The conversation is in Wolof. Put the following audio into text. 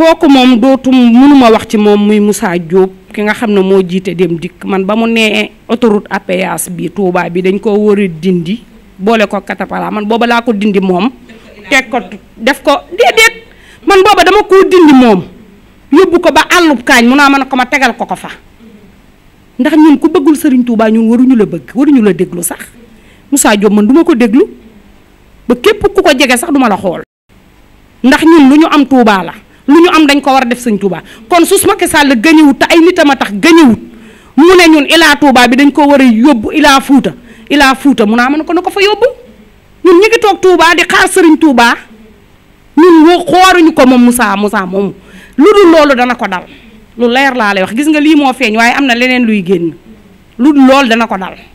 kooku moom dootum mënuma wax ci moom muy Moussa Diop ki nga xam ne moo jiite dem dikk man ba mu nee autoroute à péage bi Touba bi dañ koo war a dindi boole ko katapalaa man booba laa ko dindi moom teg ko def ko déedéet man booba dama koo dindi moom yóbbu ko ba àllub kaañ mu naa mën ko ma tegal ko ko fa ndax ñun ku bëggul Serigne tuubaa ñun waruñu la bëgg waruñu la déglu sax Moussa Diop man duma ko déglu ba képp ku ko jege sax duma la xool ndax ñun lu ñu am Touba la lu ñu am dañ ko war a def sëñ Touba kon sus Macky sàll gëñëwut te ay nitam a tax gëñëwut mu ne ñun ilaa Touba bi dañ ko war a yóbbu ilaa Fuuta ilaa Fuuta mun naa mën ko na ko fa yóbbu ñun ñu ngi toog Touba di xaar sëriñ Touba ñun woo xooruñu ko moom Moussa Moussa moom lu dul loolu dana ko dal lu leer laa lay wax gis nga lii moo feeñ waaye am na leneen luy génn lu dul loolu dana ko dal